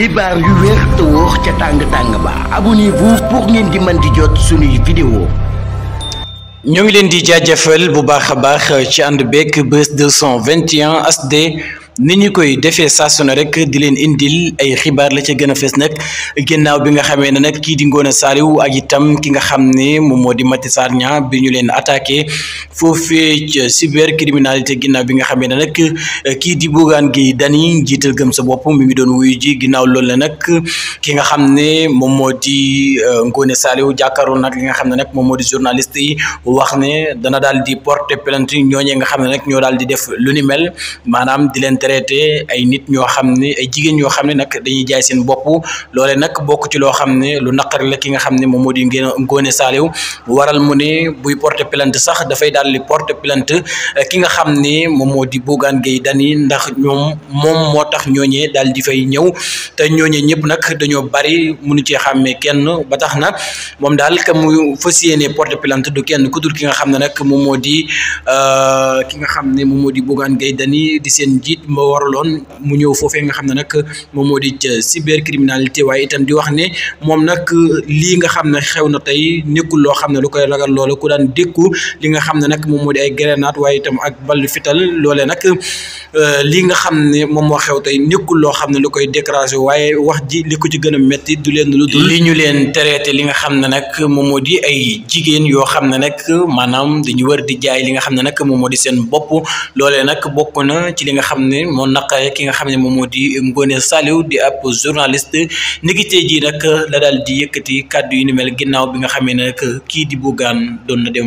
xibaar yu wér te wóor ca tàng tàng ba abonnez-vous pour ngeen di man di jot suñuy vidéo ñoo ngi leen di jaajëfal bu baax a baax ci ànd beeg Buzz 221 HD ni ñu koy defee saa su ne rek di leen indil ay xibaar la ca gën a fees nag ginnaaw bi nga xamee ne nag kii di Ngone Saliou ak itam ki nga xam ne moom moo di Maty Sarr Niang bi ñu leen attaqué foofee ca cybercriminalité ginnaaw bi nga xamee ne nag kii di Bougane Gueye Dany njiital gëm sa bopp mi ngi doon wuyu ji ginnaaw loolu la nag ki nga xam ne moom moo di euh, Ngone Saliou jàkkaarloo nag li nga xam ne nag moom moo di journaliste yi wax ne dana daal di porter plainte ñooñee nga xam ne nag ñoo daal di def lu ni mel maanaam di leen traité ay nit ñoo xam ne ay jigéen ñoo xam ne nag dañuy jaay seen bopp loole nag bokk ci loo xam ne lu naqari la ki nga xam ne moom moo di ngeen Ngoné Saliou waral mu ne buy porter plainte sax dafay daal di porter plainte eh, ki nga xam ne moom moo di Bougane Gueye Dany ndax ñoom moom moo tax ñooñee daal di fay ñëw te ñooñee ñëpp nag dañoo bari mënu cee xàmmee kenn ba tax na moom daal ka mu fas yéene porter plainte du kenn ku dul ki nga xam ne nag moom moo di euh, ki nga xam ne moom moo di Bougane Gueye Dany di seen njiit waraloon mu ñëw foofee nga xam ne nag moom moo di cybercriminalité waaye itam di wax ne moom nag lii nga xam ne xew na tey nekkul loo xam ne lu koy ragal loola ku daan dékku li nga xam ne nag moom moo di ay grenade waaye itam ak bal fital loolee nag lii nga xam ne moom moo xew tey nekkul loo xam ne lu koy décrasé waaye wax ji li ko ci gën a métti du leen lu dul li ñu leen traité li nga xam ne nag moom moo di ay jigéen yoo xam ne nag maanaam dañu war di jaay li nga xam ne nag moom moo di seen bopp loolee nag bokk na ci li nga xam ne ni moo naqare ki nga xam ne moom moo di Ngoné Saliou di ab journaliste ni ki tey jii nag di yëkkati kàddu yu ni mel ginnaaw bi nga xamee ne nag kii di Bougane doon na dem.